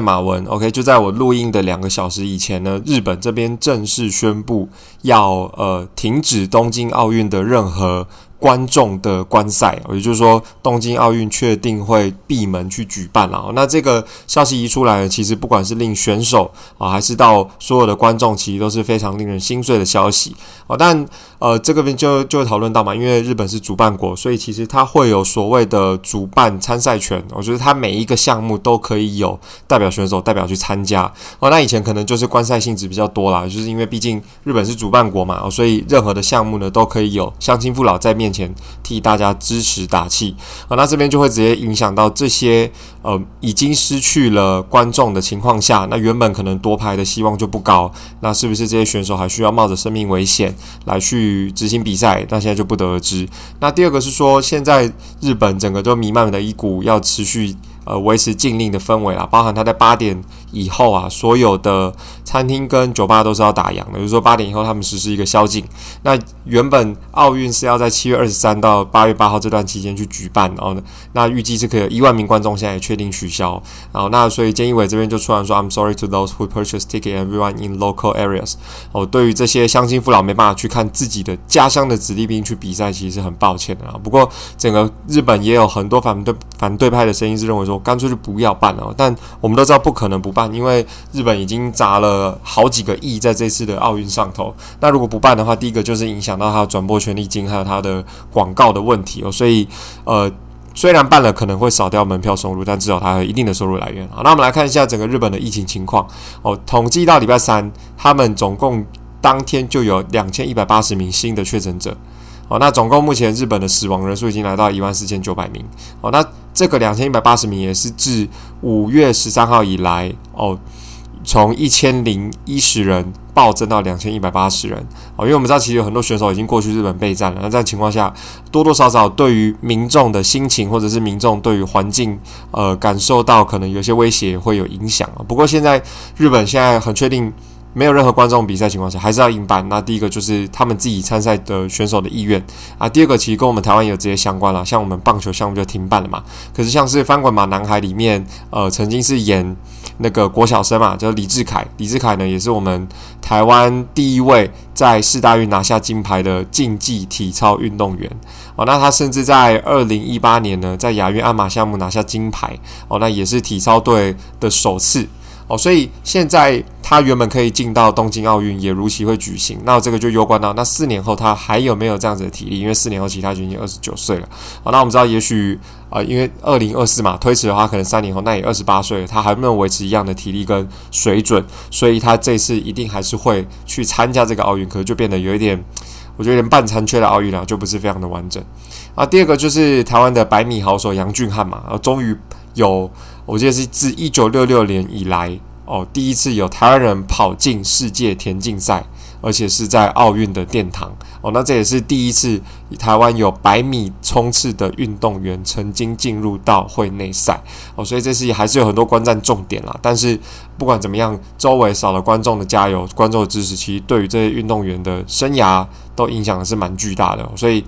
馬文，OK，就在我錄音的兩個小時以前呢，日本這邊正式宣布要呃停止東京奧運的任何觀眾的觀賽，也就是說，東京奧運確定會閉門去舉辦了。那這個消息一出來，其實不管是令選手啊，還是到所有的觀眾，其實都是非常令人心碎的消息。哦，但呃，這個邊就就討論到嘛，因為日本是主辦國，所以其實它會有所謂的主辦參賽權。我覺得它每一個項目都可以有代表選手代表去參加。哦，那以前可能就是觀賽性質比較多啦，就是因為畢竟日本是主辦國嘛，所以任何的項目呢都可以有鄉親父老在面前。前替大家支持打氣啊，那這邊就會直接影響到這些呃已經失去了觀眾的情況下，那原本可能奪牌的希望就不高，那是不是這些選手還需要冒着生命危險來去執行比賽？那現在就不得而知。那第二個是說，現在日本整個都彌漫着一股要持續呃維持禁令的氛圍啊，包含他在八點。以後啊，所有的餐廳跟酒吧都是要打烊的。比如說八點以後，他們實施一個宵禁。那原本奧運是要在七月二十三到八月八號這段期間去舉辦，然後呢，那預計是可以有一萬名觀眾，現在也確定取消。然後那所以，菅義偉這邊就突然說，I'm sorry to those who purchase ticket everyone in local areas。哦，對於這些鄉親父老沒辦法去看自己的家鄉的子弟兵去比賽，其實是很抱歉的啊。不過整個日本也有很多反對反對派的聲音是認為說，乾脆就不要辦了。但我們都知道不可能不辦。因為日本已經砸了好幾個億在這次的奧運上頭，那如果不辦的話，第一個就是影響到他的轉播權利金，還有他的廣告的問題哦。所以，呃，雖然辦了可能會少掉門票收入，但至少它有一定的收入來源。好，那我們來看一下整個日本的疫情情況哦。統計到禮拜三，他們總共當天就有兩千一百八十名新的確診者哦。那總共目前日本的死亡人數已經來到一萬四千九百名哦。那這個兩千一百八十名也是自五月十三號以來。哦，從一千零一十人暴增到兩千一百八十人哦，因為我們知道，其實有很多選手已經過去日本備戰了。那這樣的情況下，多多少少對於民眾的心情，或者是民眾對於環境，呃，感受到可能有些威脅，會有影響啊，哦。不過現在日本現在很確定，沒有任何觀眾比賽情況下，還是要硬辦。那第一個就是他們自己參賽的選手的意願啊。第二個其實跟我們台灣有直接相關了，像我們棒球項目就停辦了嘛。可是像是《翻滾吧，男孩》裡面，呃，曾經是演。那個國小生嘛，叫李志凱。李志凱呢，也是我們台灣第一位在世大運拿下金牌的競技體操運動員。哦，那他甚至在二零一八年呢，在亞運鞍馬項目拿下金牌。哦，那也是體操隊的首次。哦，所以現在他原本可以進到東京奧運，也如期會舉行。那這個就攸關到那四年後他還有沒有這樣子的體力？因為四年後其實他已經二十九歲了。好，那我們知道也，也許啊，因為二零二四嘛，推遲的話可能三年後那也二十八歲，他還沒有維持一樣的體力跟水準，所以他這一次一定還是會去參加這個奧運，可能就變得有一點，我覺得有點半殘缺的奧運了，就不是非常的完整。啊，第二個就是台灣的百米好手楊俊翰嘛，呃，終於有。我記得是自一九六六年以來哦，第一次有台灣人跑進世界田徑賽，而且是在奧運的殿堂哦。那這也是第一次台灣有百米衝刺的運動員曾經進入到會內賽哦，所以這次還是有很多觀戰重點啦。但是不管怎麼樣，周圍少了觀眾的加油、觀眾的支持，其實對於這些運動員的生涯都影響的是蠻巨大的，所以，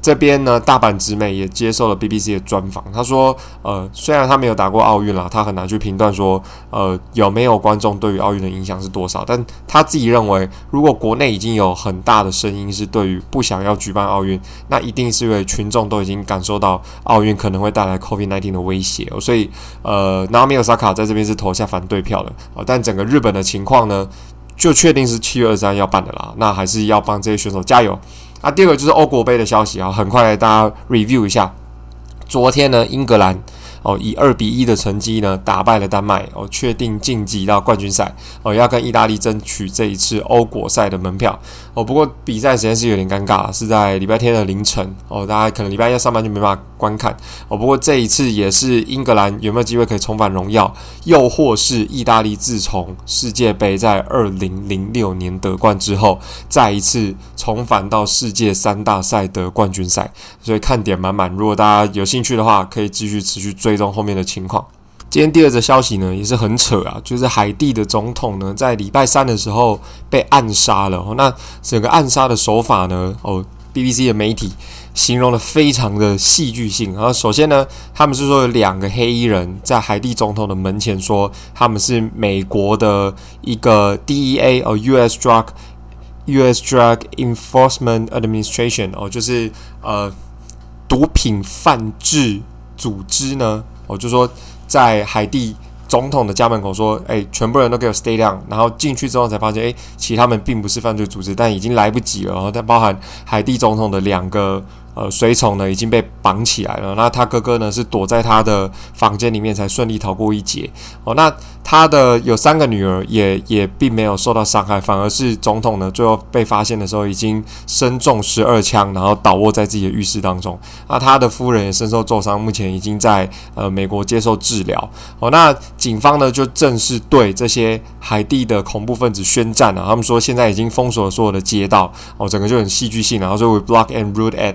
這邊呢，大阪直美也接受了 BBC 的專訪。他說：“呃，雖然他沒有打過奧運啦，他很難去評斷說，呃，有沒有觀眾對於奧運的影響是多少。但他自己認為，如果國內已經有很大的聲音是對於不想要舉辦奧運，那一定是因為群眾都已經感受到奧運可能會帶來 COVID-19 的威脅喔。所以，呃，Naomi Osaka 在這邊是投下反對票的。呃，但整個日本的情況呢，就確定是七月二十三要辦的啦。那還是要幫這些選手加油。”啊，第二個就是歐國盃的消息啊，很快來大家 review 一下。昨天呢，英格蘭哦以二比一的成績呢打敗了丹麥哦，確定晉級到冠軍賽哦，要跟意大利爭取這一次歐國賽的門票哦。不過比賽時間是有點尷尬，是在禮拜天的凌晨哦，大家可能禮拜一上班就沒辦法觀看哦，不過這一次也是英格蘭有沒有機會可以重返榮耀，又或是意大利自從世界杯在二零零六年奪冠之後，再一次重返到世界三大賽的冠軍賽，所以看點滿滿。如果大家有興趣的話，可以繼續持續追蹤後面的情況。今天第二則消息呢，也是很扯啊，就是海地的總統呢，在禮拜三的時候被暗殺了。哦，那整個暗殺的手法呢，哦。BBC 的媒體形容得非常的戲劇性，然後首先呢，他們是說有兩個黑衣人在海地總統的門前說，他們是美國的一個 DEA 哦，US Drug，US Drug Enforcement Administration 哦，就是呃毒品犯罪組織呢，哦，就說在海地。總統的家門口說：“哎、欸，全部人都給我 stay down。”然後進去之後才發現，哎、欸，其實他們並不是犯罪組織，但已經來不及了。然後，它包含海地總統的兩個。呃，隨從呢，已經被綁起來了。那他哥哥呢，是躲在他的房間裡面，才順利逃過一劫。哦，那他的有三個女兒也也並沒有受到傷害，反而是總統呢，最後被發現的時候已經身中十二槍，然後倒臥在自己的浴室當中。那他的夫人也身受重傷，目前已經在呃美國接受治療。哦，那警方呢，就正式對這些海地的恐怖分子宣戰了。啊，他們說現在已經封鎖了所有的街道，哦，整個就很戲劇性。然後就會 block and root at”。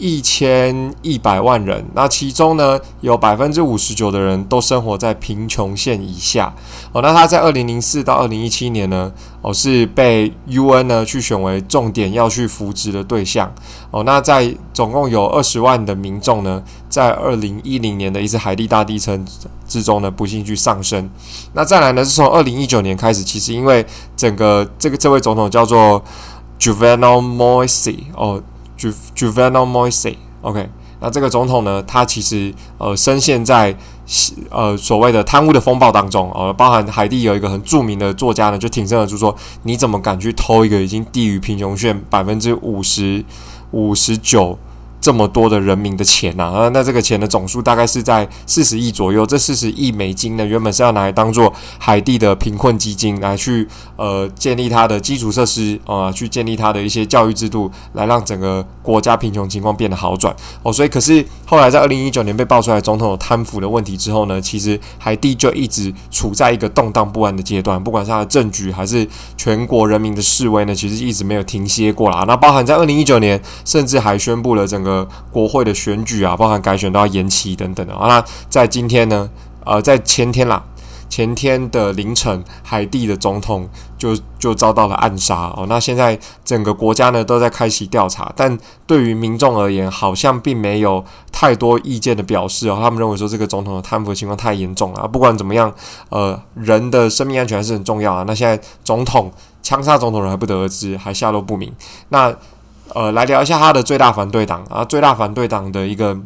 一千一百萬人，那其中呢，有百分之五十九的人都生活在貧窮線以下。哦，那他在二零零四到二零一七年呢，哦是被 UN 呢去選為重點要去扶植的對象。哦，那在總共有二十萬的民眾呢，在二零一零年的一次海地大地震之中呢，不幸去喪生。那再來呢，是從二零一九年開始，其實因為整個這個這位總統叫做 Juvenal Moise 哦。Ju Juvenal Moise，OK，okay。那這個總統呢，他其實呃深陷在呃所謂的貪污的風暴當中呃，包含海地有一個很著名的作家呢，就挺身而出說，你怎麼敢去偷一個已經低於貧窮線百分之五十五十九？這麼多的人民的錢吶啊，那這個錢的總數大概是在四十億左右。這四十億美金呢，原本是要拿來當做海地的貧困基金，來去呃建立它的基礎設施啊、呃，去建立它的一些教育制度，來讓整個國家貧窮情況變得好轉哦。所以可是後來在二零一九年被爆出來總統有貪腐的問題之後呢，其實海地就一直處在一個動盪不安的階段，不管是他的政局還是全國人民的示威呢，其實一直沒有停歇過啦。那包含在二零一九年，甚至還宣布了整個。呃，國會的選舉啊，包含改選都要延期等等的啊。那在今天呢，呃，在前天啦，前天的凌晨，海地的總統就就遭到了暗殺哦。那現在整個國家呢都在開啟調查，但對於民眾而言，好像並沒有太多意見的表示哦。他們認為說這個總統的貪腐的情況太嚴重了，不管怎麼樣，呃，人的生命安全還是很重要啊。那現在總統槍殺總統人還不得而知，還下落不明。那呃，來聊一下他的最大反對黨啊，最大反對黨的一個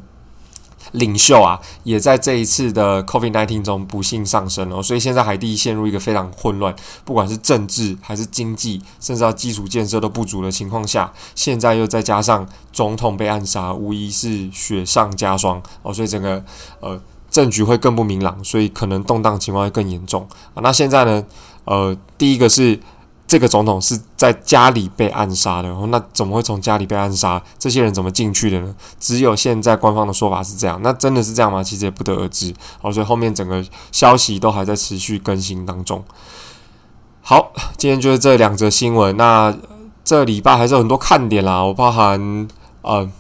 領袖啊，也在這一次的 COVID-19 中不幸喪生了，所以現在海地陷入一個非常混亂，不管是政治還是經濟，甚至到基礎建設都不足的情況下，現在又再加上總統被暗殺，無疑是雪上加霜哦，所以整個呃政局會更不明朗，所以可能動盪情況會更嚴重啊。那現在呢，呃，第一個是。這個總統是在家裡被暗殺的，然後那怎麼會從家裡被暗殺？這些人怎麼進去的呢？只有現在官方的說法是這樣，那真的是這樣嗎？其實也不得而知。好，所以後面整個消息都還在持續更新當中。好，今天就是這兩則新聞。那這禮拜還是有很多看點啦，我包含呃，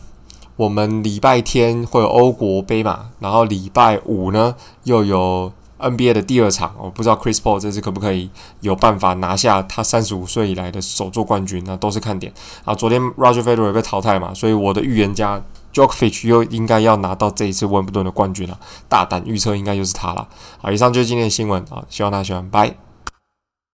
我們禮拜天會有歐國杯嘛，然後禮拜五呢又有。NBA 的第二場，我不知道 Chris Paul 這次可不可以有辦法拿下他三十五歲以來的首座冠軍，那都是看點啊。昨天 Roger Federer 被淘汰嘛，所以我的預言家 Jock Fitch 又應該要拿到這一次溫布頓的冠軍了，啊，大膽預測應該就是他了啊。好，以上就是今天的新聞啊，希望大家喜歡，拜。